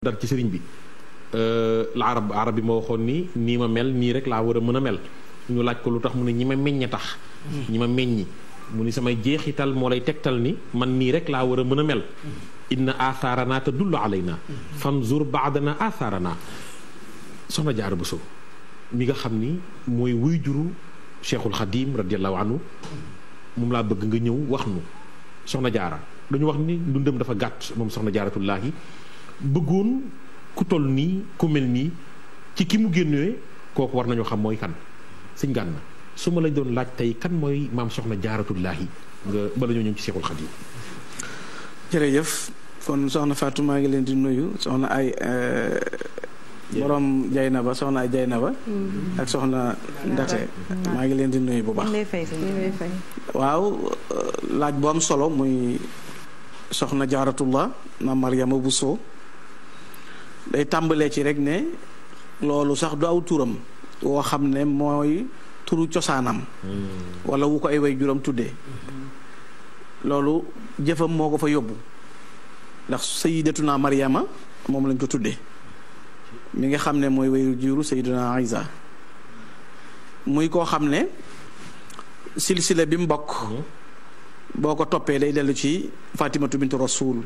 dar ci sëriñ bi euh, la arab arab bi ma waxoon ni nii ma mel nii rek laa war a mën a mel ñu laaj ko lu tax mu ne ñi ma meññe tax ñi ma meññi mu ni samay jeexital moo lay tegtal ni man nii rek laa war a mën a mel inna athaarana tadullu alayna fanzur baadana athaarana soxna Jaara Buso mi nga xam ni mooy wuy juru cheikhul xadim radiallahu anhu moom laa bëgg nga ñëw wax nu soxna jaara dañu wax ni dundam dafa gàtt moom soxna jaaratullaahi bëggoon ku toll nii ku mel nii ci ki mu génnee kooku war nañoo xam mooy kan sëñ Gana su ma la doon laaj tey kan mooy maam soxna jaaratullaahi nga bala ñoo ñëw ci Seexul Xadiim soxna Fatou maa ngi leen di nuyu soxna ay eh, borom jay na ba soxna jay na ba mm-hmm. ak soxna ndate ngi leen di nuyu bu baax waaw eh, laaj am solo muy soxna jaaratullah na Mariama Bousso day tàmbalee ci rek ne loolu sax du aw turam woo xam ne mooy turu cosaanam wala wu ko ay way juróom tudde loolu jëfam moo ko fa yóbbu ndax sëyidatu sayidatuna Mariama moom lañ ko tuddee mi nga xam ne mooy way juru sayiduna Isa muy koo xam ne silsila bi mu bokk boo ko toppee day dellu ci fatimatu bintu suul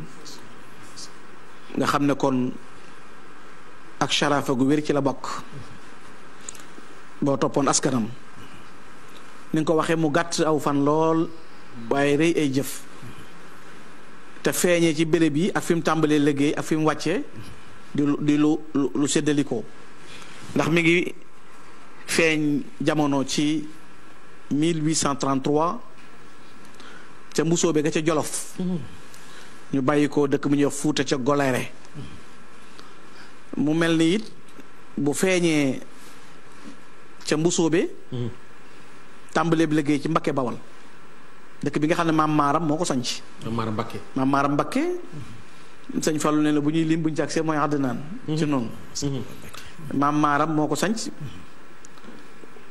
nga xam ne kon ak sharaafa gu wér ci la bokk boo toppoon askanam ni nga ko waxee mu gàtt aw fan lool waaye rëy ay jëf te feeñee ci béréb yi ak fi mu tàmbalee liggéey ak fi mu wàccee di lu di lu lu séddalikoo ndax mi ngi feeñ jamono ci 1833 ca mbusoo bi ga ca jolof mm-hmm. ñu bàyyi ko dëkk mu ñuy wax fuuta ca golere mu mel ni it bu feeñee ca mbusóobe hmm. tàmbaleeb liggéey ci Mbakke Bawal dëkk bi nga xam ne maam maaram moo ko sanc maam maaram Mbakke sëñ Fallou ne la bu ñuy lim bu ñu jàgsee mooy àddinaan hmm. ci noonu hmm. maam maaram moo ko sanc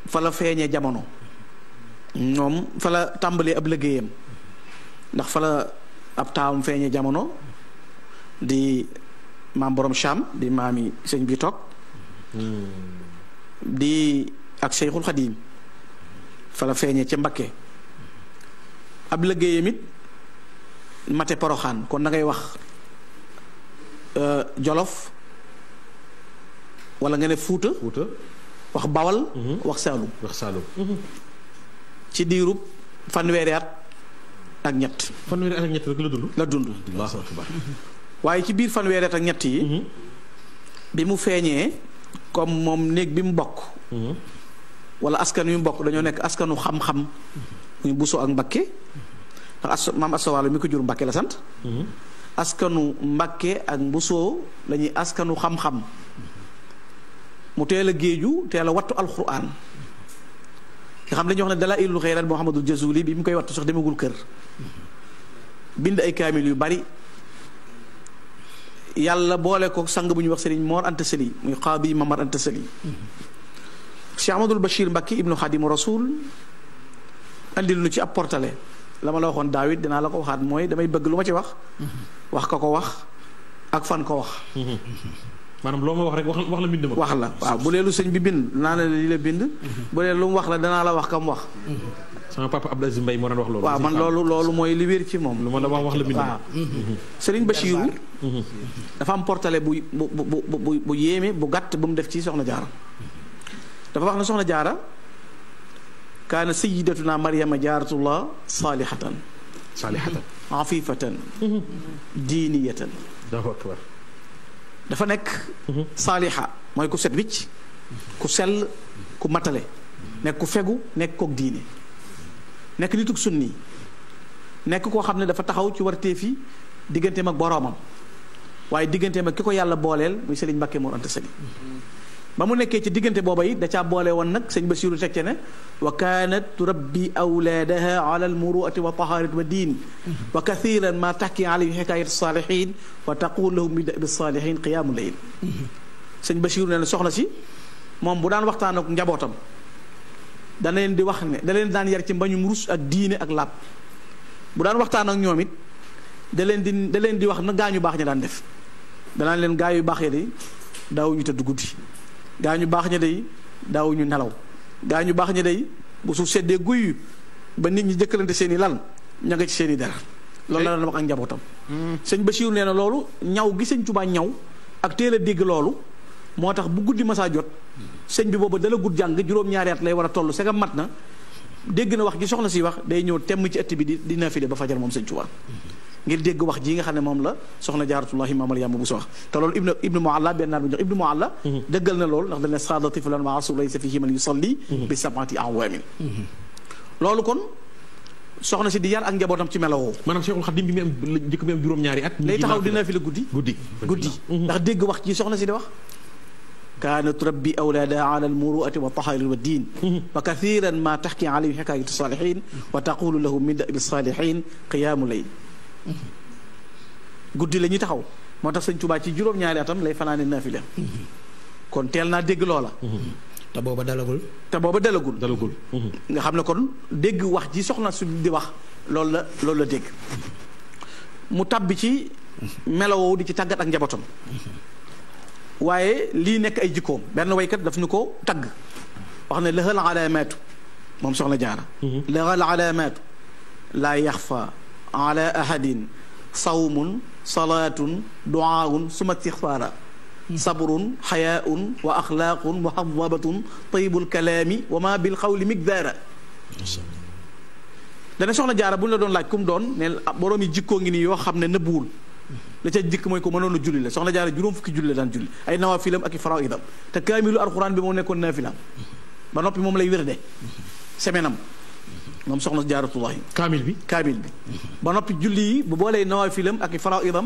fa feeñee jamono moom fala la tàmbalee ab liggéeyam ndax fa ab taawam feeñee jamono di maam borom Cham di maami sëñ bi toog di ak Seyxul Xadiim fa la feeñee ca Mbakke ab liggéeyam it mate poroxaan kon da ngay wax euh, Jolof wala nga ne Fuuta wax Bawal mhm. wax Saalum mhm. ci diirub fanweeri at ak ñett fanweeri at ak ñett rek la dund la dund waaye ci biir fanweeri at ak ñett yi. Mhm. bi mu feeñee comme moom néeg bi mu bokk. Mhm. wala askan yu mu bokk dañoo nekk askanu xam-xam. muy Bousso Mbakke. ndax as maam jur Mbakke la sant. Mhm. askanu Mbakke ak Bousso la askanu xam-xam. a géeju teel a wattu alquran nga xam dañuy wax ne dala ilul xeyraat Muhammadul Jazuli bi mu koy wattu sax demagul kër bind ay kaamil yu bari. yàlla boole ko sang bu ñuy wax sëriñ Mor Anta Sali muy qaadi Mamar Anta Sali Cheikh Ahmadul Bachir Mbacke ibnu Xadimu Rasul andil lu ci ab portale la ma la waxoon daawit dinaa la ko waxaat mooy damay bëgg lu ma ci wax wax ka ko wax ak fan ko wax maanaam loo ma wax rek wax la bind ma. wax la waaw bu dee lu bi bind naa ne lii la bind. Mhm. wax la danaa la wax kam wax. Mhm. sama papa Abdou Aziz Mbaye moo doon wax loolu. man loolu mooy li wér ci moom. lu ma la wax wax la bind ma. Mhm. Serigne Bachirou. dafa am portale bu bu bu bu bu yéeme bu gàtt bu mu def ci Soxna Jaara. dafa wax na Soxna Jaara. kaana sayyidatuna Maryama jaaratullah saalihatan. saalihatan afifatan diiniyatan. d'accord. dafa nekk saaliha mooy ko set wicc ku sell ku matale nekk ku fegu nekk kook diine nekk nituk nitug sunni nekk koo xam ne dafa taxaw ci warteef yi diggante mag boroomam waaye digganteem ak ki ko yàlla booleel muy Sëriñ Mbàkke Mor Anta Sali ba mu nekkee ci diggante booba it da caa boole woon nag sëñ ba teg ci ne wa kaanat turabbi awlaadaha ala almuruati wa taharat wa diin wa kathiran ma takki alayhi xikaayat salihin wa taqul lahum bi salihin saalihin qiyaamu layl sëñ ba ne na soxna si moom bu daan waxtaan ak njabootam da leen di wax ne da leen daan yar ci mbañum rus ak diine ak làpp bu daan waxtaan ak ñoom it da leen di da leen di wax na gaa ñu baax ña daan def danaan leen gaa yu baax ya de ñu tëdd guddi gaa ñu baax ña day daawuñu nelaw gaa ñu baax ña day bu su seddee guy ba nit ñi jëkkalante seen i lal ña nga ci seen i dara loolu la doon wax ak njabootam. Hmm. sëñ Bachir nee na loolu ñaw gi sëñ Tuubaa ñaw ak teel a dégg loolu moo tax bu guddi masaa jot sëñ bi booba dala gudd jàng juróom-ñaari lay war a toll sega mat na dégg na wax gi soxna si wax day ñëw temm ci ëtt bi di di naafile ba fajar moom sëñ Tuubaa ngir dégg wax ji nga xam ne moom la soxna imam al Mariama bu so wax te loolu ibnu ibnu mualla benn naar bu jox ibnu mualla dëggal na loolu ndax dañ ne saada tiflan wa rasulullah laysa fihi man yusalli bi sabati awamin loolu kon soxna si di yar ak njabootam ci melawoo maanaam Cheikhul Khadim bi mi am jëkk mi am juróom-ñaari at lay taxaw dina fi la guddi guddi guddi ndax dégg wax ji soxna si di wax كان تربي أولادها على المروءة والطهر والدين وكثيرا ما تحكي عليه حكاية الصالحين وتقول له من الصالحين قيام الليل guddi la ñuy taxaw moo tax sëñ Tuubaa ci juróom-ñaari atam lay fanaane naafila kon teel naa dégg loola te booba dalagul te booba dalagul dalagul nga xam ne kon dégg wax ji soxna su di wax loolu la loolu la dégg mu tàbbi ci melowoo di ci tàggat ak njabootam waaye lii nekk ay jikkoom benn waykat daf ñu ko tagg wax ne lëxal alaamaatu moom soxna jaara mm-hmm. lëxal alaamaatu laa yaxfa على أحد صوم صلاة دعاء ثم استغفار صبر حياء وأخلاق محببة طيب الكلام وما بالقول مقدار دانا شوخنا جارا بون لا دون لاج كوم دون نيل بوروم جيكو نبول لا تا جيك موي كو مانونو جولي لا شوخنا جارا جوروم فكي جولي دان جولي اي نوافل اك فرائض تا كامل القران بي مو نيكون نافله ba noppi moom soxna jaaratullahi kaamil bi kaamil bi ba noppi julli yi bu boolee nawaafilam ak i faraidam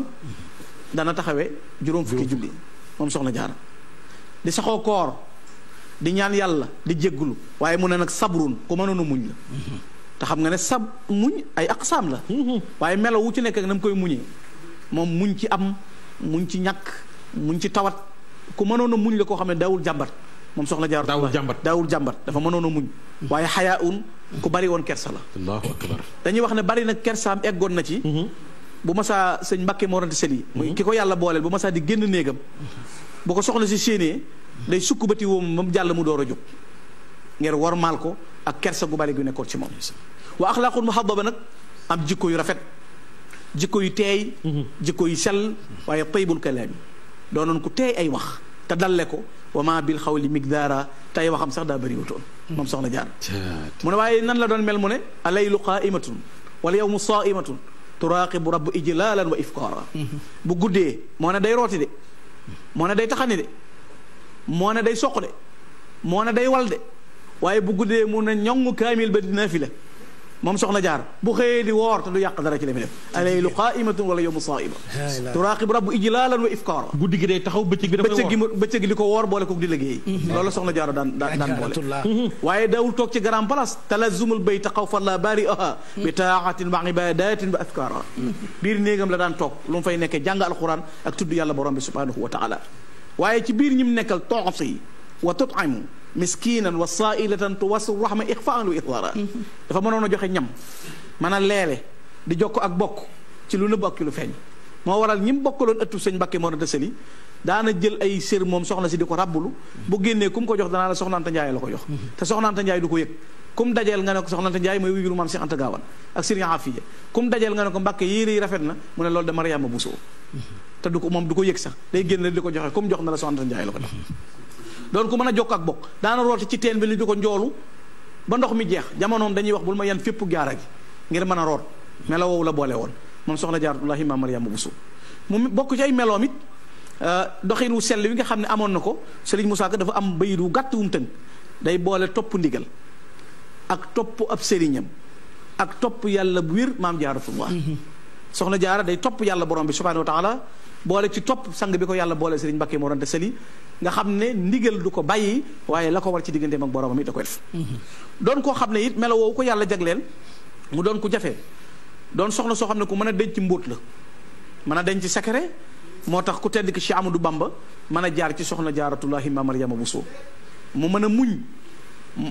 dana taxawe juróom fukki julli moom soxna jaara di saxoo koor di ñaan yàlla di jéggulu waaye mu ne nag sabrun ku mënoon a muñ la te xam nga ne sab muñ ay aqsaam la waaye melo wu ci nekk ak na mu koy muñee moom muñ ci am muñ ci ñàkk muñ ci tawat ku mënoon a muñ la koo xam ne dawul jàmbat moom soxla jaaratu daawul jàmbat daawul jàmbat dafa mënoon a muñ waaye xayaa un ku bari woon kersa la allahu akbar dañuy wax ne bari na kersaam eggoon na ci mhm. bu masaa sëñ Mbàkke Morante Seli mhm. muy ki ko yàlla booleel bu masaa di génn néegam bu ko soxla si séenée day sukk bati woom ba mu jàll mu door a jóg ngir wormaal ko ak kersa gu bari gu nekkoon ci moom wa axlaaqul muhabbaba nag am jikko yu rafet jikko yu teey mhm. jikko yu sell waaye taybul kalaam yi doonoon ku teey ay wax te dalle ko wama bil xawli migdaara tay waxam sax daa bëriwutoon moom soxna jaar mu waaye nan la doon mel mu ne alaylu qaaimatun wala yowmu saaimatun turaaqibu rabb ijlaalan wa ifkaara bu guddee moo ne day rooti de moo ne day taxani de moo ne day soq de moo ne day wal de waaye bu guddee mu ne ñoŋ kaamil ba dinaa moom soxna jaar bu xëyee di woor te du yàq dara ci la mi def alaylu qaaimatun wala yowmu saaiba turaqib rabbu ijlaalan wa ifkaara guddi gi day taxaw bëccëg bi bëccëg gi bëccëg gi di ko woor boole ko di liggéey loolu soxna jaaro daan daan boole waaye daawul toog ci grand place talazumul bayta xawfan la baari bi taaxatin wa ibadatin wa afkaara biir néegam la daan toog lu fay nekkee jàng alquran ak tudd yàlla borom bi subhanahu wa taala waaye ci biir ñim nekkal toxof yi wa tutaimu miskinan wa sa'ilatan tuwasu rahma ikhfa'an wa itwara dafa mënoon a joxe ñam manal lele di jokk ak bokk ci lu neub ak lu feñ mo waral ñim mu bokkaloon ëttu sëñ Mbàkke Mor Anta daana jël ay sir mom soxna ci di rabbulu bu génnee kum ko jox danaa la ta Njaay la ko jox te ta Njaay du ko yek kum dajel nga ne ko ta Njaay moy wujuru maam Cheikh Anta ak sir Afiya kum dajel nga ne ko Mbàkke yiri yi rafet na mu ne lol de Mariama buso te du ko mom du ko yek sax day diko joxe kum jox na la ta Njaay la ko jox doon ko mën a jokk ak bokk daana rooti ci teen bi li di ko njoolu ba ndox mi jeex jamonoom dañuy wax bul ma yan fépp jaara gi ngir mën a root melo woowu la boole woon moom soxna jaaratullahi maam Mariama Bousso mu bokk ci ay meloom it euh, doxin wu sell wi nga xam ne amoon na ko Serigne Moussa Ka dafa am bayit wu wu mu day boole topp ndigal ak topp ab sëriñam ak topp yàlla bu wér maam jaaratullah mhm. soxna jaara day topp yàlla borom bi subhanahu wa taala boole ci topp sang bi ko yàlla boole Serigne Mbacké moo doon seli nga xam ne ndigal du ko bàyyi waaye la ko war ci digganteem ak boroomam it da ko def doon koo xam ne it melo ko yàlla jagleel mu doon ku jafe doon soxna soo xam ne ku mën a denc mbóot la mën a denc secret moo tax ku tedd ki Cheikh du Bamba mën a jaar ci soxna jaaratullahi ma Maryama Bousso mu mën a muñ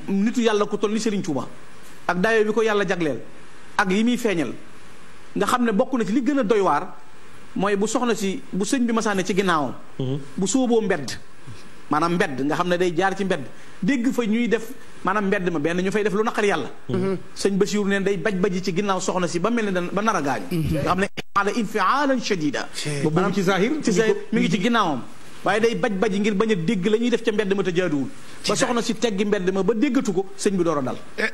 nitu yàlla ku toll ni Serigne Touba ak daayoo bi ko yàlla jagleel ak yi muy feeñal nga xam ne bokk na li gën a doy waar mooy bu soxna si bu sëñ bi masaane ci ginnaawam mm-hmm. bu sóoboo mbedd maanaam mbedd nga xam ne day jaar ci mbedd dégg fa ñuy def maanaam mbedd ma benn ñu fay def lu naqar yàlla mm-hmm. sëñ Basiru neen day baj baji ci ginnaaw soxna si ba mel ne ba nar a gaañu mm-hmm. nga xam ne ala infialan shadida boobu ci zahir ci zahir mi ngi ci ginnaawam waaye baj baji ngir bañ a dégg la ñuy def ca mbedd ma te jaaduwul ba soxna si teggi mbedd ma ba déggatu ko sëñ bi door a dal eh.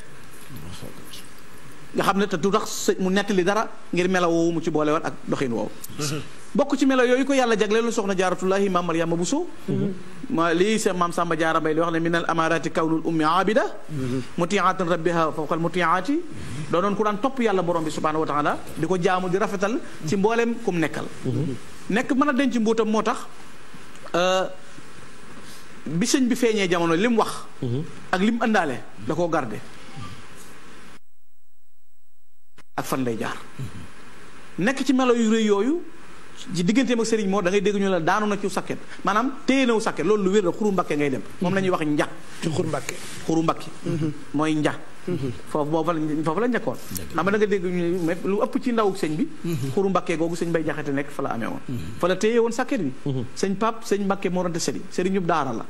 nga xam ne te du tax mu nettali dara ngir melaw woowu mu ci boole waat ak doxin woowu mm-hmm. bokk ci melo yooyu ko yàlla jagleelu soxna jaaratullahi maam Mariama Bousso mhm. ma lii seen maam Samba Jaara Mbay li wax ne min al amarati kawnul ummi abida mhm. mutiaatan rabbiha fawqal mutiaati mhm. doonoon ku daan topp yàlla borom bi subhanahu wa taala di ko jaamu di rafetal ci mbooleem kum nekkal nekk mën a denc mbuutam moo tax euh, bi sëñ bi feeñee jamono li mu wax ak li mu ëndaale da koo garde ak fan lay jaar nekk ci melo yu rëy yooyu ci digganteem ak sëriñ Mor da ngay dégg ñu la daanu na ci sàkket maanaam téye naw sàkket loolu lu wér la xuru mbàkke ngay dem moom la ñuy wax nja ci xuru mbàkke xuru mbàkke mm-hmm. mm-hmm. la foofu la njëkkoon xam da nga dégg ñu lu ëpp ci ndaw sëñ bi mm-hmm. xuru mbàkke googu sëñ bay jaxate nekk fa la amee woon fa la téye woon sàkket bi sëñ pap sëñ mbàkke morante sëriñ sëriñ ñub daara la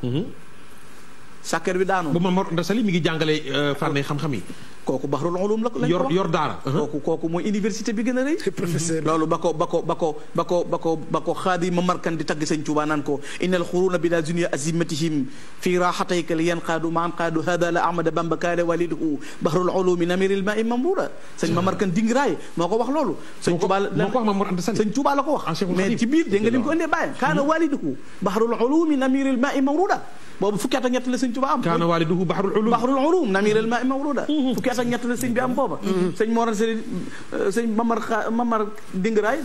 sàkket bi daanu ba ma morante sëriñ mi ngi jàngale euh, fànne xam-xam yi kooku baxrul ulum la lañ yor yor daara. kooku kooku mooy université bi gën a rëy. professeur loolu ba ko ba ko ba ko ba ko ba ko ba ko xaadi ma markan di tagg sëñ Tuubaa naan ko innal xuruuna bi la dunya azimatihim fi raxatayka li yanqaadu ma anqaadu hada la ahmada bamba kaale waliduhu baxrul ulumi namiril ma i mambuura sëñ ma markan dingiraay moo ko wax loolu sëñ Tuubaa la ko wax Mamour Anta Sali sëñ Tuubaa la ko wax mais ci biir dégg nga li mu ko indee bàyyam kaana waliduhu baxrul ulumi namiril ma i mamruuda boobu fukki at ak ñett la sëñ Tuubaa am kaana waliduhu baxrul ulum baxrul ulum namiril ma i mamruuda sa ak ñett la sëñ bi am booba sëñ Mor Sëriñ euh, sëñ Mamar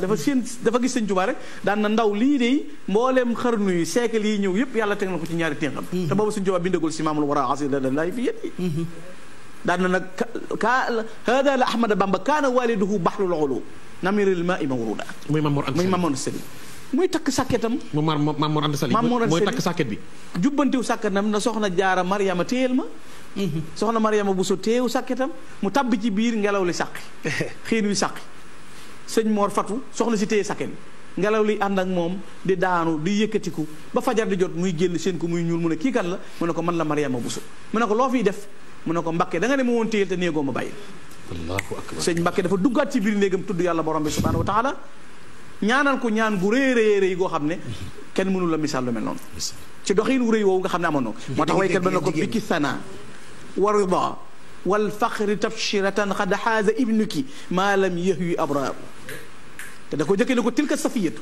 dafa seen dafa gis sëñ Tuubaa daan na ndaw lii de mbooleem xarnu yi siècle yi ñëw yëpp yàlla teg na ko ci ñaari ténxam te booba sëñ Tuubaa bindagul si maamul war a asi la laay fi yet yi daan na nag kaa hada la Ahmada Bamba kaana waliduhu baxlul ulu namiril ma i mawruda muy muy takk sàkketam mu Mamor Anta Sali mooy takk sàkket bi jubbantiw sàkketam na soxna jaara Mariama téyel ma soxna Mariama Bousso teewu sàkketam mu tàbbi ci biir ngelaw li sàqi xiin wi sàqi sëñ Mor Fatu soxna si téye sàkken ngelaw li ànd ak moom di daanu di yëkkatiku ba fajar di jot muy génn seen ko muy ñuul mu ne kii kan la mu ne ko man la Mariama Bousso mu ne ko loo fiy def mu ne ko Mbàkke da nga ne woon téyel te néegoo ma bàyyi allahu sëñ Mbàkke dafa duggaat ci biir néegam tudd yàlla borom bi subhanahu wa taala ñaanal ko ñaan gu rëy rëy rëy goo xam ne kenn mënu la misaal lu mel noonu ci doxin wu xam ne amoon na moo tax waykat ba sana wa rida wal faqri tabshiratan xad xaaza ibnuki maa lam yahwi abraaru te da ko jëkkee ne ko tilka safiyatu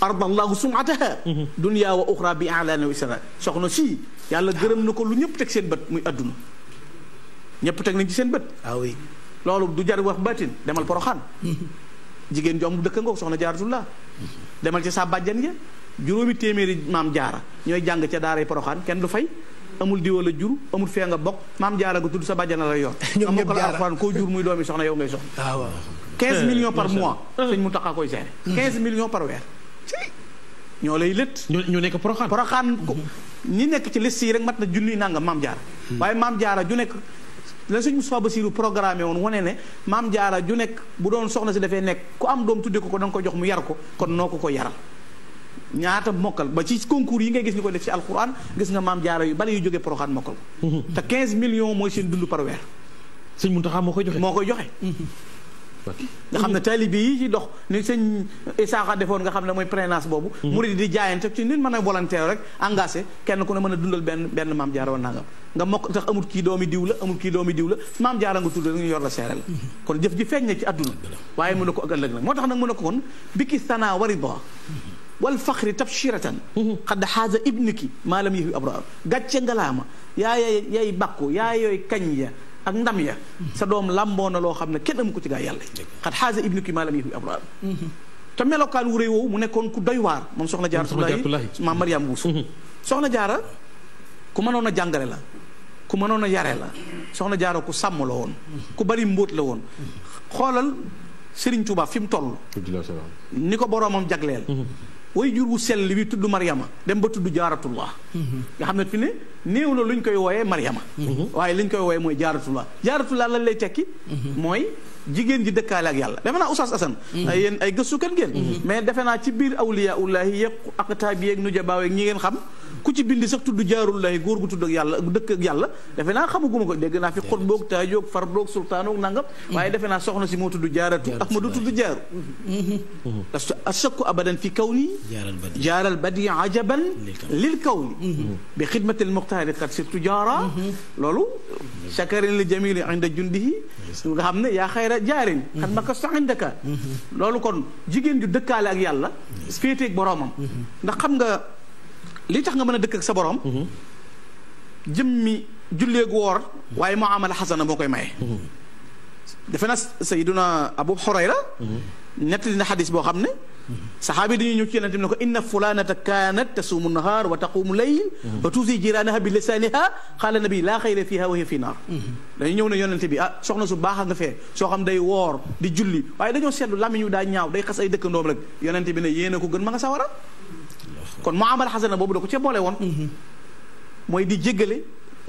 arda allahu sumataha dunya wa uxra bi alaana wa isra soxna si yàlla gërëm na ko lu ñëpp teg seen bët muy adduna ñëpp teg nañ ci seen bët ah loolu du jar wax baatin demal poroxaan jigéen jom dëkk ngoog soxna jaaratullah demal ci sa bàjjan ya juróomi téeméeri maam jaara ñooy jàng ca daaray poroxaan kenn du fay amul diwo la jur amul fe nga bok mam jaara ko tuddu sa badjana la yor nga mokkal alxuraan ko jur muy doomi soxna yow ngay soxna 15 ah, eh, millions par mois sëñ mu taxaa koy seere 15 mm-hmm. millions par wèr ñoo lay lët ñu nekk poroxaan poroxaan ko mm-hmm. ñi nekk ci liste yi rek mat na julli nangam mam jaara mm-hmm. waye mam jaara ju nekk la sëñ Moustapha Bassirou programé won woné né mam jaara ju nekk bu doon soxna ci dafé nekk ku am doom tuddé ko ko dang ko jox mu yar ko kon noko ko yaral ñaata mokkal ba ci concours yi ngay gis ñu koy def ci alxuraan gis nga maam jaara yu bari yu jógee poroxaan mokkal ko te 15 millions mooy seen dund par weer moo koy joxe moo koy joxe nga xam ne taalibe yi ci dox ni sëñ Isaaxa defoon nga xam ne mooy prénance boobu mm-hmm. murid di jaayante ci nit a volontaire rek engagé kenn ku mën a dundal benn benn maam jaara wa nangam nga mokk tax amul kii doomi diw la amul kii doomi diw la maam jaara nga tudd rek ñu yor la seere la mm-hmm. kon jëf ji feeñ na ci àdduna mm-hmm. waaye mën na ko ëllëg nag moo tax nag mën na ko kon bikki sanaa wari wal faxri tabshiratan xad xaaza ibniki maa lam yëfi abraar gàcce ngalaama yaa yay bàkku yaa yooy kañ ya ak ndam ya sa doom làmboo na loo xam ne kenn amu ko ci yàlla xad xaaza ibniki maa lam yëfi abraar te melokaan wu réy woowu mu nekkoon ku doy waar moom soxna jaara Rasulullaahi maam Mariam Buus mm-hmm. soxna jaara ku mënoon a jàngale la ku mënoon a yare la soxna jaara ku sàmm la woon ku bari mboot la woon xoolal Sëriñ Tuubaa fi mu toll ni ko boroomam jagleel mm-hmm. way jur wu sell bi tudd Mariama dem ba tudd jaaratullah nga xam ne fi ne néew na luñ koy wooyee Mariama waaye liñ koy wooyee mooy jaaratullah jaaratullah lan lay tekki mooy jigéen ji dëkkaale ak yàlla defe naa Oustaz Assane yéen ay gëstukat ngeen mhm. mais defe naa ci biir awliya ullahi yeeg aqtaab yeeg nujabaa yeeg ñi ngeen xam ku ci bind sax tudd jaarullahi góor gu tudd ak yàlla dëkk ak yàlla defe naa xamaguma ko dégg naa fi xot boog taajoog far boog sultaanoog nangam waaye defe naa soxna si moo tudd jaaratu ahmadu tudd jaaru parce que ashakku abadan fi kawni jaaral badi ajaban lil kawni bi xidmatil muxtaari qad sirtu jaara loolu shakarin li jamili inda jundihi nga xam ne yaa xayra jaarin xan ma kastu indaka mhm. loolu kon jigéen ju dëkkaale ak yàlla féeteeg boroomam ndax xam li tax nga mën a dëkk ak sa borom. Mhm. jëmmi julleegu woor. waaye moo amala xasana boo koy maye. Mhm. defe naa Sayyiduna Abu Hurayra mhm. nettali na xadis boo xam ne. saxaabi dañuy ñëw ci ne ko inna fulanata kaanat tasuumu nahaar wa taquumu layl wa tuusi jiraanaha bi lisaaniha qaala nabi laa xayra fiha wa hiya fi naar dañuy ñëw ne yonent bi ah soxna su baax a nga fee soo xam day woor di julli waaye dañoo seetlu làmmiñ wi daa ñaaw day xas ay dëkkandoom rek yonent bi ne yéen a ko gën ma nga sawara kon mu amal xasana boobu da ko ca boole woon mhm. mooy di jéggale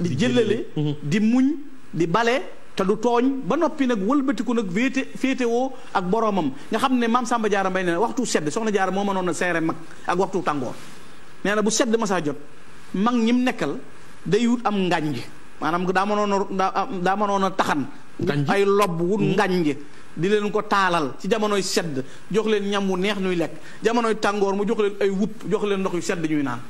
di jëllale mhm. di muñ di bale te du tooñ ba noppi nag wëlbatiku nag féete féetewoo ak boroomam nga xam ne maam Samba Jaara Mbay nee waxtu sedd soxna jaara moo mënoon a seere mag ak waxtu tàngoor nee na bu sedd ma saa jot mag ñim nekkal day wut am ngànj maanaam daa mënoon a daa mënoon a taxan ay lobb wut mhm. ngànj di leen ko taalal ci jamonoy sedd jox leen ñam wu neex ñuy lekk jamonoy tàngoor mu jox leen ay wupp jox leen ndox yu sedd ñuy naan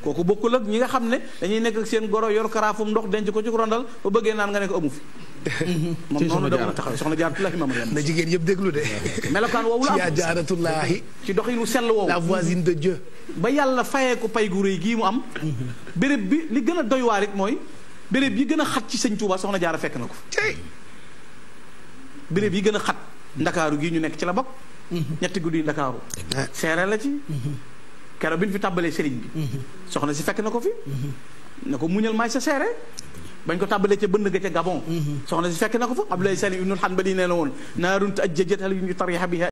kooku bokkul ak ñi nga xam ne dañuy nekk seen goro yor karaafum ndox denc ko ci rondal ba bëggee naan nga ne ko amu fi. moom noonu da taxaw soxna jaaratullahi mama yam na jigéen yëpp déglu de melokaan woowu la am jaaratullahi ci doxinu sell woowu la voisine de Dieu ba yàlla fayee ko pay gu rëy gii mu am béréb bi li gën a doy waar it mooy béréb yi gën a xat ci sëñ Tuuba soxna jaara fekk na ko béréb yi gën a xat ndakaaru gii ñu nekk ci la bokk mhm. ñetti guddi ndakaaru seere la ci mhm. keroog bi ñu fi tàbbalee sëriñ bi mhm. soxna si fekk na ko fi na ko muñal maay sa seere bañ ko tàbbalee ca bënd ga ca Gabon soxna si fekk na ko fa Abdoulaye Salim ibnul Hanbali nee na woon naarun tajjajat hal yu ñu tariha biha